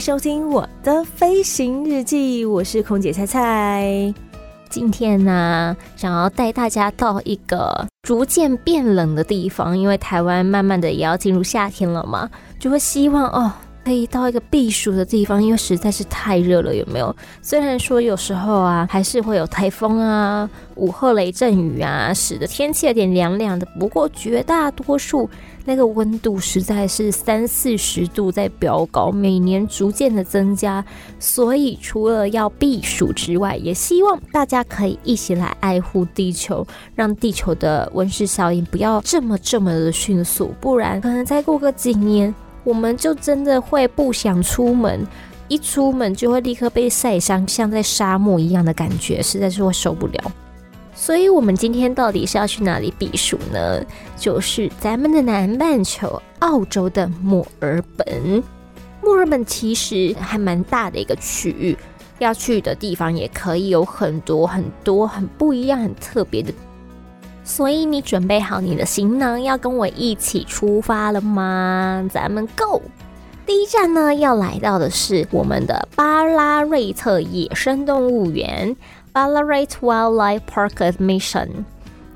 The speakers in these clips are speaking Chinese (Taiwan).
收聽我的飛行日記，我是空姐菜菜。今天呢、啊，想要帶大家到一個逐漸變冷的地方，因為台灣慢慢的也要進入夏天了嘛，就會希望哦，可以到一個避暑的地方，因為實在是太熱了，有沒有？雖然說有時候啊，還是會有台風啊、午後雷陣雨啊，使得天氣有點涼涼的。不過絕大多數。那個溫度實在是三四十度，在飆高，每年逐漸的增加，所以除了要避暑之外，也希望大家可以一起來愛護地球，讓地球的溫室效應不要這麼這麼的迅速，不然可能再過個幾年，我們就真的會不想出門，一出門就會立刻被曬傷，像在沙漠一樣的感覺，實在是我受不了。所以，我們今天到底是要去哪裡避暑呢？就是咱們的南半球，澳洲的墨爾本。墨爾本其實還蠻大的一個區域，要去的地方也可以有很多很多很不一樣、很特別的。所以，你準備好你的行囊，要跟我一起出發了嗎？咱們 go！第一站呢，要來到的是我們的巴拉瑞特野生動物園。巴拉瑞特 Wildlife Park Admission，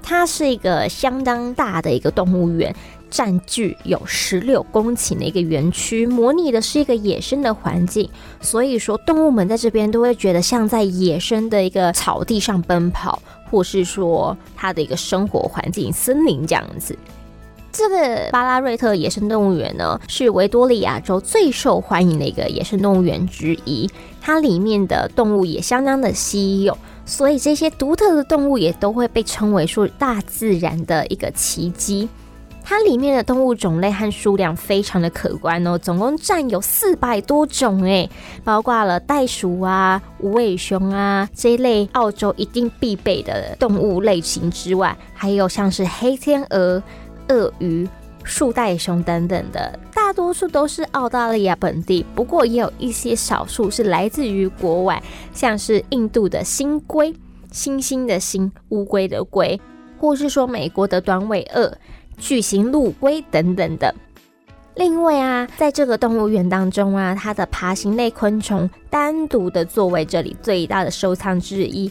它是一個相當大的一個動物園，佔據有十六公頃的一個園區，模擬的是一個野生的環境，所以說動物們在這邊都會覺得像在野生的一個草地上奔跑，或是說它的一個生活環境森林這樣子。這個巴拉瑞特野生動物園呢，是維多利亞州最受歡迎的一個野生動物園之一，它裡面的動物也相當的稀有。所以這些獨特的動物也都會被稱為說大自然的一個奇蹟，它裡面的動物種類和數量非常的可觀哦，總共占有四百多種誒，包括了袋鼠啊、無尾熊啊這一類澳洲一定必備的動物類型之外，還有像是黑天鵝、鱷魚、樹袋熊等等的。多數都是澳大利亞本地，不過也有一些少數是來自於國外，像是印度的星龜、星星的星、烏龜的龜，或是說美國的短尾鱷、巨型陸龜等等的。另外啊，在這個動物園當中啊，它的爬行類昆蟲單獨的作為這裡最大的收藏之一。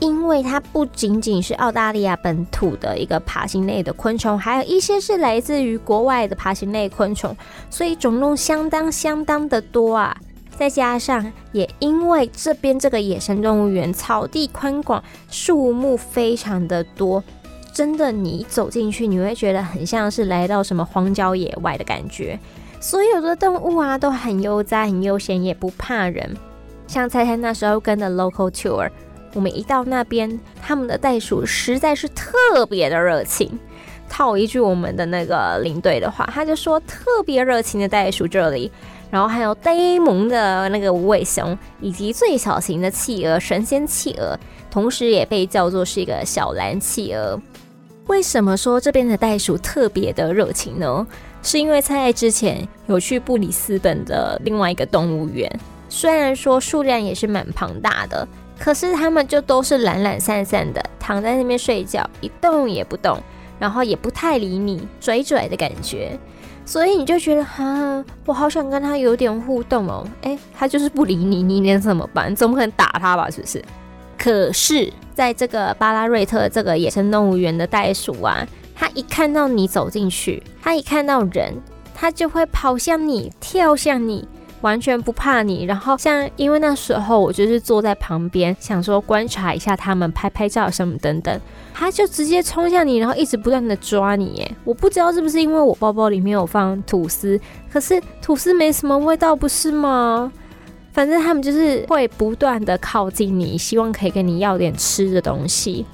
因為它不僅僅是澳大利亞本土的一個爬行類的昆蟲，還有一些是來自於國外的爬行類昆蟲，所以種類相當相當的多啊。再加上也因為這邊這個野生動物園草地寬廣，樹木非常的多，真的你走進去，你會覺得很像是來到什麼荒郊野外的感覺。所有的動物啊都很悠哉、很悠閒，也不怕人。像菜菜那時候跟的 local tour。我們一到那邊，他們的袋鼠實在是特別的熱情。套一句我們的那個領隊的話，他就說特別熱情的袋鼠這裡，然後還有呆萌的那個無尾熊，以及最小型的企鵝——神仙企鵝，同時也被叫做是一個小藍企鵝。為什麼說這邊的袋鼠特別的熱情呢？是因為在之前有去布里斯本的另外一個動物園，雖然說數量也是蠻龐大的。可是他們就都是懶懶散散的，躺在那邊睡覺，一動也不動，然後也不太理你，拽拽的感覺，所以你就覺得哈、啊，我好想跟他有點互動哦。哎，他就是不理你，你能怎麼辦？你總不可能打他吧？是不是？可是在這個巴拉瑞特這個野生動物園的袋鼠啊，他一看到你走進去，他一看到人，他就會跑向你，跳向你。完全不怕你，然後像因為那時候我就是坐在旁邊，想說觀察一下他們拍拍照什麼等等，他就直接衝向你，然後一直不斷的抓你。哎，我不知道是不是因為我包包裡面有放吐司，可是吐司沒什麼味道，不是嗎？反正他們就是會不斷的靠近你，希望可以跟你要點吃的東西。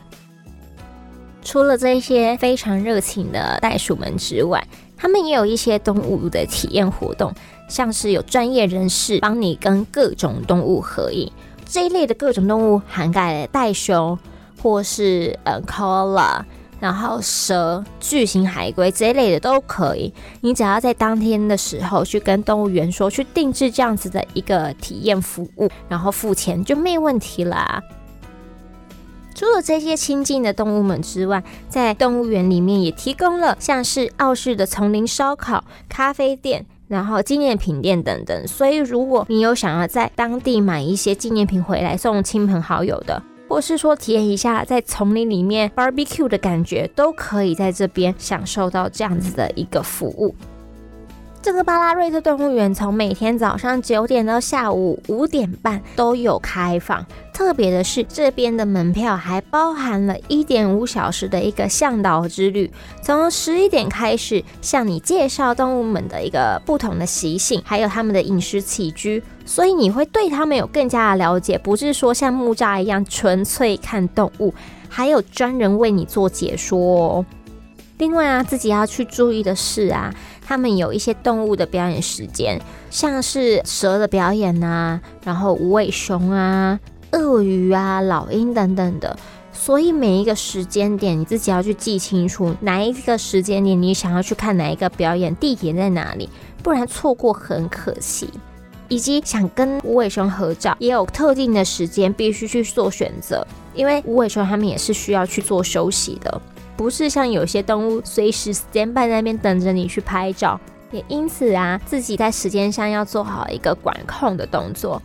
除了這些非常熱情的袋鼠們之外，他們也有一些動物的體驗活動。像是有專業人士幫你跟各種動物合影，這一類的各種動物涵蓋了袋熊，或是呃考拉然後蛇、巨型海龜這一類的都可以。你只要在當天的時候去跟動物園說，去定制這樣子的一個體驗服務，然後付錢就沒問題啦啊。除了這些親近的動物們之外，在動物園裡面也提供了像是澳式的叢林燒烤、咖啡店，然後紀念品店等等，所以如果你有想要在當地買一些紀念品回來送親朋好友的，或是說體驗一下在叢林裡面 barbecue 的感覺，都可以在這邊享受到這樣子的一個服務。這個巴拉瑞特動物園從每天早上九點到下午五點半都有開放。特別的是，這邊的門票還包含了一點五小時的一個嚮導之旅，從十一點開始向你介紹動物們的一個不同的習性，還有他們的飲食起居，所以你會對他們有更加的了解，不是說像木柵一樣純粹看動物，還有專人為你做解說哦。另外啊，自己要去注意的是啊。他們有一些動物的表演時間，像是蛇的表演啊，然後無尾熊啊、鱷魚啊、老鷹等等的，所以每一個時間點你自己要去記清楚，哪一個時間點你想要去看哪一個表演，地點在哪裡，不然錯過很可惜。以及想跟無尾熊合照，也有特定的時間必須去做選擇，因為無尾熊他們也是需要去做休息的。不是像有些動物隨時 stand by 在那邊等着你去拍照，也因此啊，自己在時間上要做好一個管控的動作。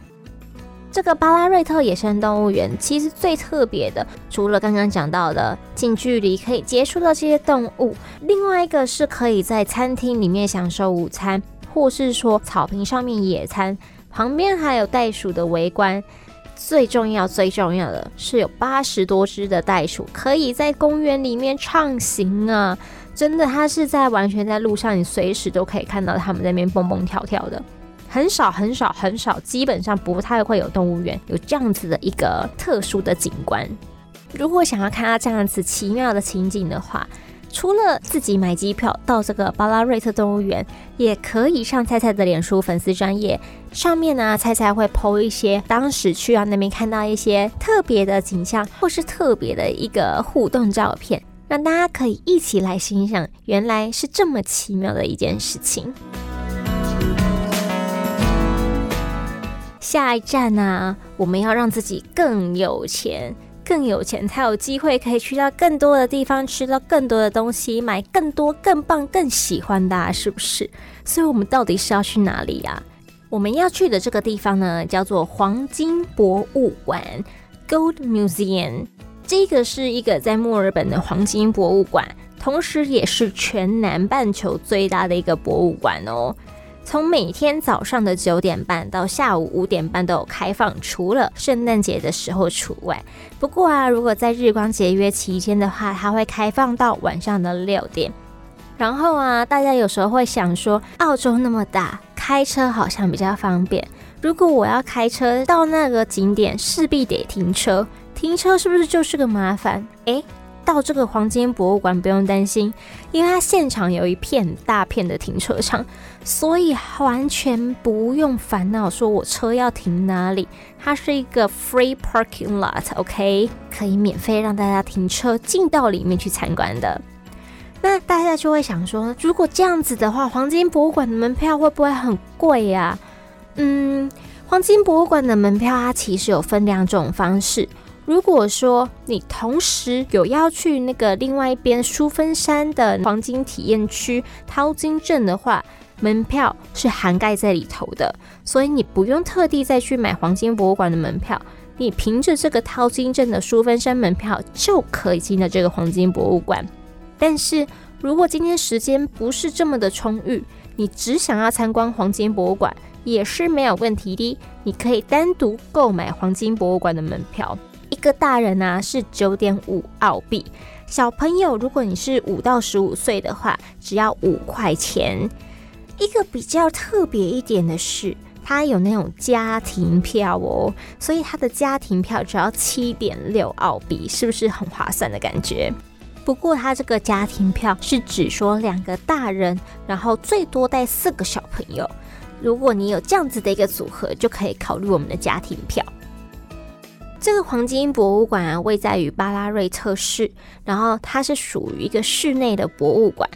這個巴拉瑞特野生動物園其實最特別的，除了剛剛講到的近距離可以接觸到這些動物，另外一個是可以在餐廳裡面享受午餐，或是說草坪上面野餐，旁邊還有袋鼠的圍觀。最重要、最重要的是，有八十多隻的袋鼠可以在公園裡面暢行啊！真的，它是在完全在路上，你隨時都可以看到它們在那邊蹦蹦跳跳的。很少、很少、很少，基本上不太會有動物園有這樣子的一個特殊的景觀。如果想要看到這樣子奇妙的情景的話，除了自己買機票到這個巴拉瑞特動物園，也可以上菜菜的臉書粉絲專頁上面呢、啊，菜菜會 PO 一些當時去到、啊、那邊看到一些特別的景象，或是特別的一個互動照片，讓大家可以一起來欣賞。原來是這麼奇妙的一件事情。下一站呢、啊，我們要讓自己更有錢。更有錢才有機會可以去到更多的地方，吃到更多的東西，買更多更棒更喜歡的、啊，是不是？所以，我們到底是要去哪裡呀、啊？我們要去的這個地方呢，叫做黃金博物館 （Gold Museum）。這個是一個在墨爾本的黃金博物館，同時也是全南半球最大的一個博物館哦。從每天早上的九點半到下午五點半都有開放，除了聖誕節的時候除外。不過啊，如果在日光節約期間的話，它會開放到晚上的六點。然後啊，大家有時候會想說，澳洲那麼大，開車好像比較方便。如果我要開車到那個景點，勢必得停車，停車是不是就是個麻煩？誒到這個黃金博物館不用擔心，因為它現場有一片大片的停車場，所以完全不用煩惱說我車要停哪裡。它是一個 free parking lot，OK，可以免費讓大家停車進到裡面去參觀的。那大家就會想說，如果這樣子的話，黃金博物館的門票會不會很貴啊？嗯，黃金博物館的門票它其實有分兩種方式。如果說你同時有要去那個另外一邊疏芬山的黃金體驗區淘金鎮的話，門票是涵蓋在裡頭的，所以你不用特地再去買黃金博物館的門票，你憑着這個淘金鎮的疏芬山門票就可以進了這個黃金博物館。但是如果今天時間不是這麼的充裕，你只想要參觀黃金博物館也是沒有問題的，你可以單獨購買黃金博物館的門票。一個大人呢、啊、是九點五澳幣，小朋友如果你是五到十五歲的話，只要五塊錢。一個比較特別一點的是，它有那種家庭票哦，所以它的家庭票只要七點六澳幣，是不是很划算的感覺？不過它這個家庭票是指說兩個大人，然後最多帶四個小朋友。如果你有這樣子的一個組合，就可以考慮我們的家庭票。這個黃金博物館啊，位在於巴拉瑞特市，然後它是屬於一個室內的博物館。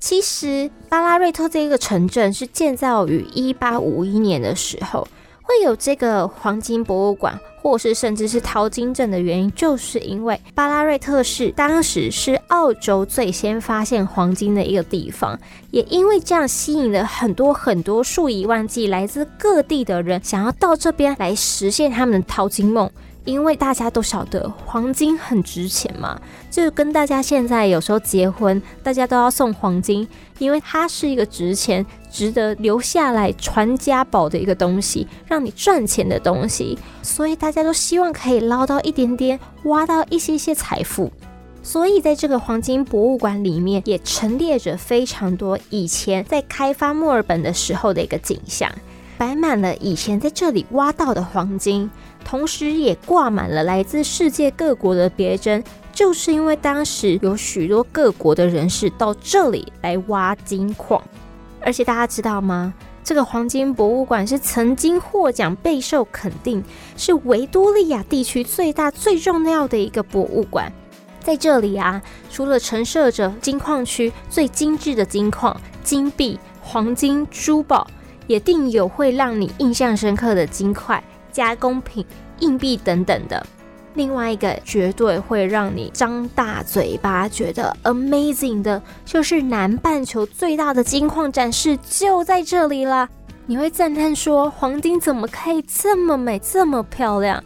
其實巴拉瑞特這個城鎮是建造於一八五一年的時候，會有這個黃金博物館，或是甚至是淘金鎮的原因，就是因為巴拉瑞特市當時是澳洲最先發現黃金的一個地方，也因為這樣吸引了很多很多數以萬計來自各地的人，想要到這邊來實現他們的淘金夢。因為大家都曉得黃金很值錢嘛，就跟大家現在有時候結婚，大家都要送黃金，因為它是一個值錢、值得留下來傳家寶的一個東西，讓你賺錢的東西，所以大家都希望可以撈到一點點，挖到一些些財富。所以在這個黃金博物館裡面，也陳列着非常多以前在開發墨爾本的時候的一個景象，擺滿了以前在這裡挖到的黃金。同時也掛滿了來自世界各國的別針，就是因為當時有許多各國的人士到這裡來挖金礦。而且大家知道嗎？這個黃金博物館是曾經獲獎、備受肯定，是維多利亞地區最大最重要的一個博物館。在這裡啊，除了陳設着金礦區最精致的金礦、金幣、黃金、珠寶，也定有會讓你印象深刻的金塊。加工品、硬幣等等的。另外一個絕對會讓你張大嘴巴、覺得 amazing 的，就是南半球最大的金礦展示就在這裡啦。你會讚嘆說：黃金怎麼可以這麼美、這麼漂亮？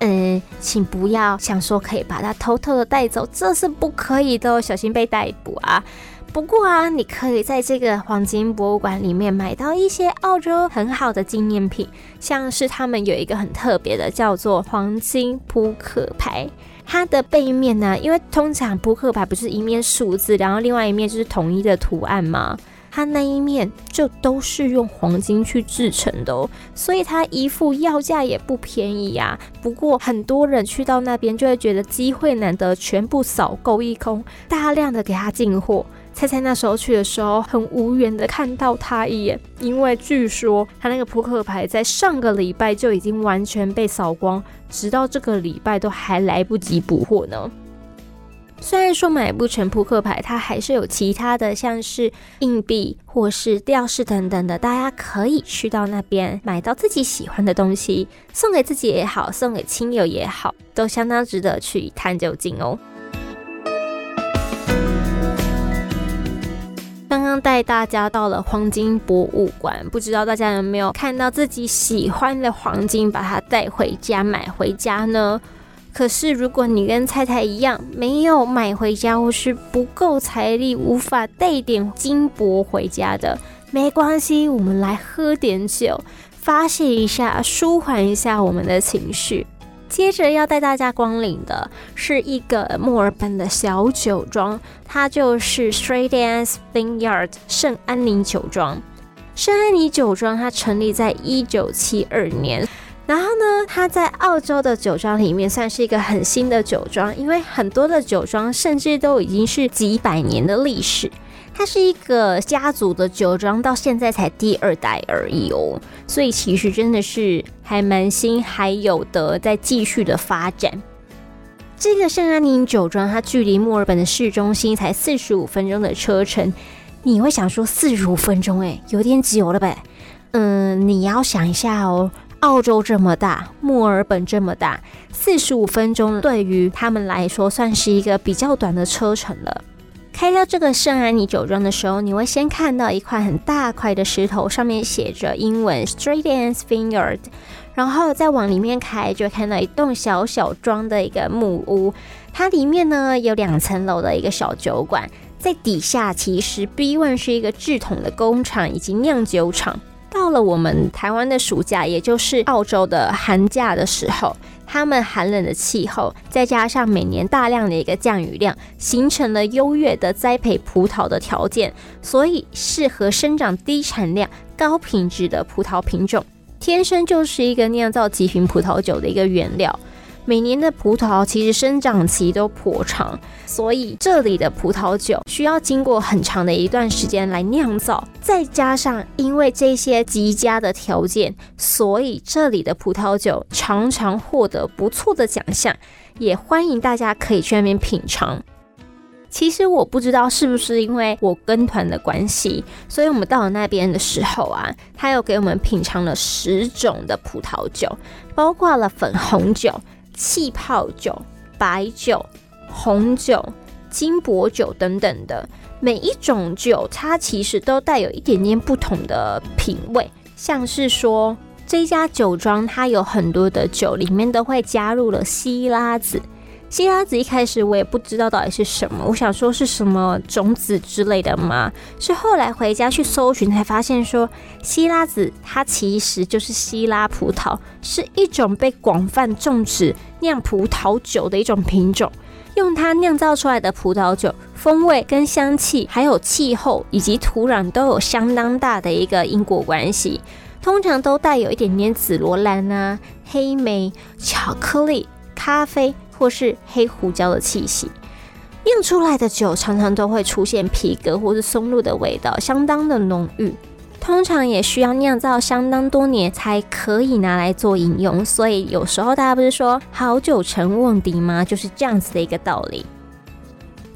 嗯、呃，請不要想說可以把它偷偷的帶走，這是不可以的，哦，小心被逮捕啊！不過啊，你可以在這個黃金博物館裡面買到一些澳洲很好的紀念品，像是他們有一個很特別的，叫做黃金撲克牌。它的背面呢，因為通常撲克牌不是一面數字，然後另外一面就是統一的圖案嗎？它那一面就都是用黃金去制成的哦，所以它一副要價也不便宜啊。不過很多人去到那邊就會覺得機會難得，全部掃購一空，大量的給它進貨。菜菜那時候去的時候，很無緣的看到他一眼，因為據說他那個撲克牌在上個禮拜就已經完全被掃光，直到這個禮拜都還來不及補貨呢。雖然說買不成撲克牌，它還是有其他的，像是硬幣或是吊飾等等的，大家可以去到那邊買到自己喜歡的東西，送給自己也好，送給親友也好，都相當值得去一探究竟哦。剛剛帶大家到了黃金博物館，不知道大家有沒有看到自己喜歡的黃金，把它帶回家，買回家呢？可是如果你跟菜菜一樣，沒有買回家，或是不夠財力，無法帶點金箔回家的，沒關係，我們來喝點酒，發洩一下，舒緩一下我們的情緒。接着要帶大家光臨的是一個墨爾本的小酒莊，它就是 St. Anne's Vineyard 聖安妮酒莊。聖安妮酒莊它成立在一九七二年，然後呢，它在澳洲的酒莊裡面算是一個很新的酒莊，因為很多的酒莊甚至都已經是幾百年的歷史。它是一個家族的酒莊，到現在才第二代而已哦，所以其實真的是還蠻新，還有的在繼續的發展。這個聖安妮酒莊，它距離墨爾本的市中心才四十五分鐘的車程。你會想說四十五分鐘，哎，有點久了唄？嗯，你要想一下哦，澳洲這麼大，墨爾本這麼大，四十五分鐘對於他們來說算是一個比較短的車程了。開到這個聖安妮酒莊的時候，你會先看到一塊很大塊的石頭，上面寫着英文 St Anne's Vineyards，然後再往裡面開，就會看到一棟小小莊的一個木屋，它裡面呢，有兩層樓的一個小酒館，在底下其實 B1 是一個製桶的工廠以及釀酒廠。到了我們台灣的暑假，也就是澳洲的寒假的時候，它們寒冷的氣候，再加上每年大量的一個降雨量，形成了優越的栽培葡萄的條件，所以適合生長低產量、高品質的葡萄品種，天生就是一個釀造極品葡萄酒的一個原料。每年的葡萄其實生長期都頗長，所以這裡的葡萄酒需要經過很長的一段時間來釀造。再加上因為這些極佳的條件，所以這裡的葡萄酒常常獲得不錯的獎項。也歡迎大家可以去那邊品嚐。其實我不知道是不是因為我跟團的關係，所以我們到了那邊的時候啊，他又給我們品嚐了十種的葡萄酒，包括了粉紅酒。氣泡酒、白酒、紅酒、金箔酒等等的，每一種酒它其實都帶有一點點不同的品味。像是說，這家酒莊它有很多的酒，裡面都會加入了西拉子。西拉子一開始我也不知道到底是什麼，我想說是什麼種子之類的嘛。是後來回家去搜尋才發現說，說西拉子它其實就是西拉葡萄，是一種被廣泛種植釀葡萄酒的一種品種。用它釀造出來的葡萄酒，風味跟香氣，還有氣候以及土壤都有相當大的一個因果關係。通常都帶有一點點紫羅蘭啊、黑莓、巧克力、咖啡。或是黑胡椒的氣息，釀出來的酒常常都會出現皮革或是松露的味道，相當的濃郁。通常也需要釀造相當多年才可以拿來做飲用，所以有時候大家不是說好酒沉甕底嗎？就是這樣子的一個道理。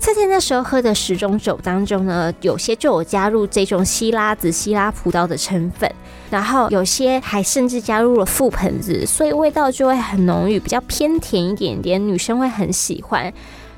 在那時候喝的十種酒當中呢，有些就有加入這種西拉子、西拉葡萄的成分，然後有些還甚至加入了覆盆子，所以味道就會很濃郁，比較偏甜一點點，女生會很喜歡。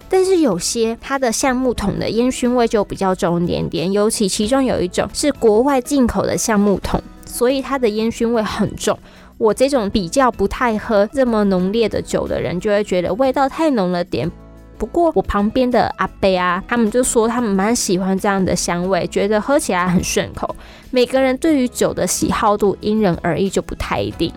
但是有些它的橡木桶的煙燻味就比較重一點點，尤其其中有一種是國外進口的橡木桶，所以它的煙燻味很重。我這種比較不太喝這麼濃烈的酒的人，就會覺得味道太濃了點。不過我旁邊的阿伯啊，他們就說他們蠻喜歡這樣的香味，覺得喝起來很順口。每個人對於酒的喜好度因人而異，就不太一定。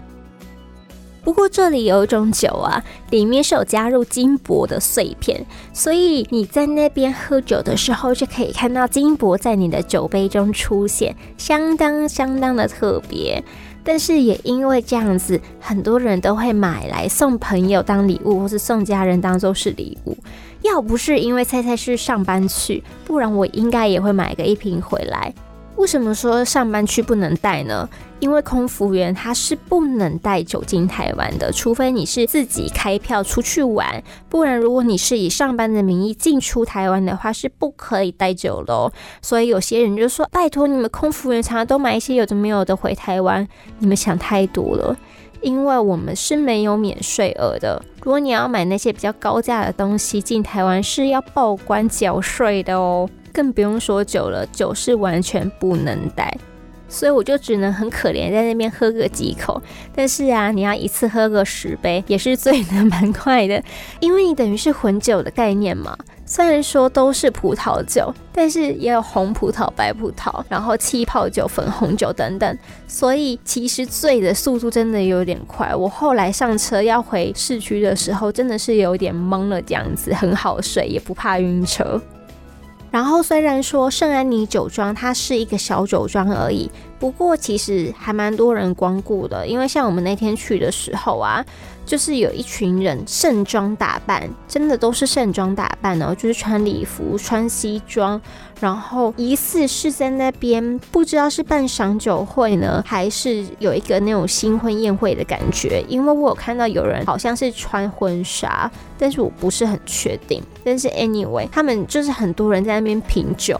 不過這裡有一種酒啊，裡面是有加入金箔的碎片，所以你在那邊喝酒的時候就可以看到金箔在你的酒杯中出現，相當相當的特別。但是也因為這樣子，很多人都會買來送朋友當禮物，或是送家人當做是禮物。要不是因為菜菜是上班去，不然我應該也會買個一瓶回來。為什麼說上班去不能帶呢？因為空服員他是不能帶酒進台灣的，除非你是自己開票出去玩，不然如果你是以上班的名義進出台灣的話，是不可以帶酒嘍。所以有些人就說：“拜托你們空服員，常常都買一些有的沒有的回台灣，你們想太多了。”因為我們是沒有免稅額的，如果你要買那些比較高價的東西進台灣，是要報關繳稅的哦。更不用說酒了，酒是完全不能帶，所以我就只能很可憐在那邊喝個幾口。但是啊，你要一次喝個十杯，也是醉得蠻快的，因為你等於是混酒的概念嘛。雖然說都是葡萄酒，但是也有紅葡萄、白葡萄，然後氣泡酒、粉紅酒等等，所以其實醉的速度真的有點快。我後來上車要回市區的時候，真的是有點懵了，這樣子很好睡，也不怕暈車。然後，雖然說聖安妮酒莊它是一個小酒莊而已。不過其實還蠻多人光顧的，因為像我們那天去的時候啊，就是有一群人盛裝打扮，真的都是盛裝打扮哦，就是穿禮服、穿西裝，然後疑似是在那邊不知道是辦賞酒會呢，還是有一個那種新婚宴會的感覺，因為我有看到有人好像是穿婚紗，但是我不是很確定。但是 anyway，他們就是很多人在那邊品酒。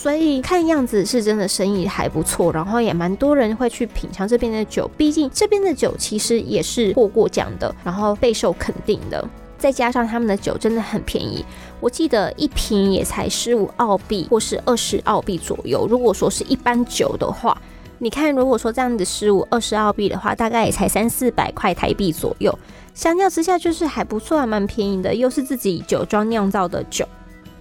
所以看樣子是真的生意還不錯，然後也蠻多人會去品嘗這邊的酒，畢竟這邊的酒其實也是獲過獎的，然後備受肯定的。再加上他們的酒真的很便宜，我記得一瓶也才十五澳幣或是二十澳幣左右。如果說是一般酒的話，你看如果說這樣子十五、二十澳幣的話，大概也才三四百塊台幣左右，相較之下就是還不錯，還蠻便宜的，又是自己酒莊釀造的酒。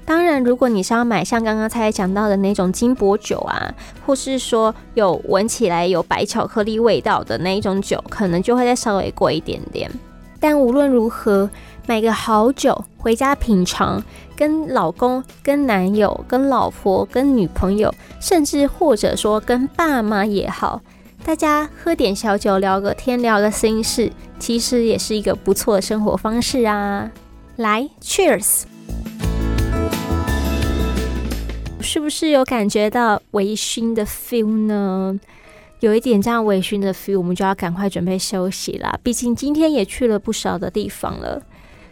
當然，如果你是要買像剛剛才講到的那種金箔酒啊，或是說有聞起來有白巧克力味道的那一種酒，可能就會再稍微貴一點點。但無論如何，買個好酒回家品嘗，跟老公、跟男友、跟老婆、跟女朋友，甚至或者說跟爸媽也好，大家喝點小酒聊個天、聊個心事，其實也是一個不錯的生活方式啊。來，Cheers。是不是有感覺到微醺的 feel 呢？有一點這樣微醺的 feel，我們就要趕快準備休息啦。畢竟今天也去了不少的地方了。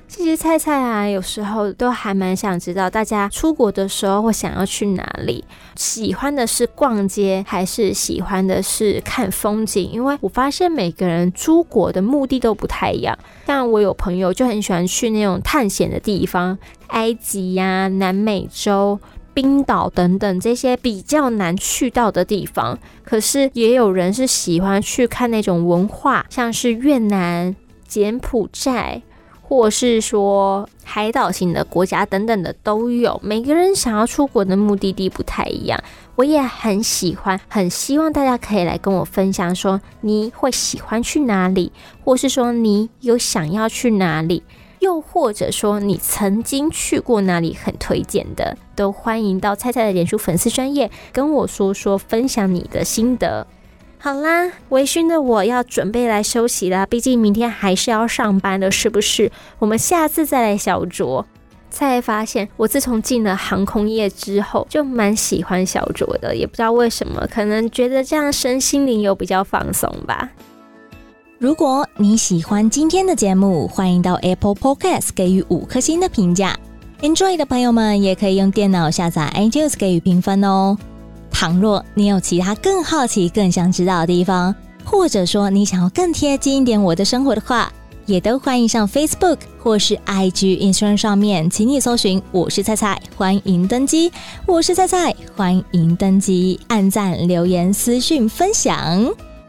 其實菜菜啊，有時候都還蠻想知道大家出國的時候會想要去哪裡，喜歡的是逛街還是喜歡的是看風景？因為我發現每個人出國的目的都不太一樣。但我有朋友就很喜歡去那種探險的地方，埃及呀、啊、南美洲。冰島等等這些比較難去到的地方，可是也有人是喜歡去看那種文化，像是越南、柬埔寨，或是說海島型的國家等等的都有。每個人想要出國的目的地不太一樣，我也很喜歡，很希望大家可以來跟我分享說，說你會喜歡去哪裡，或是說你有想要去哪裡。又或者說你曾經去過哪裡很推薦的，都歡迎到菜菜的臉書粉絲專頁跟我說說，分享你的心得。好啦，微醺的我要準備來休息啦，畢竟明天還是要上班的，是不是？我們下次再來小酌。菜菜發現，我自從進了航空業之後，就蠻喜歡小酌的，也不知道為什麼，可能覺得這樣身心靈又比較放鬆吧。如果你喜歡今天的節目，歡迎到 Apple Podcast 給予五顆星的評價。Android 的朋友們也可以用電腦下載 iTunes 給予評分哦。倘若你有其他更好奇、更想知道的地方，或者說你想要更貼近一點我的生活的話，也都歡迎上 Facebook 或是 IG Instagram 上面，請你搜尋“我是菜菜”，歡迎登機。我是菜菜，歡迎登機，按讚、留言、私訊、分享。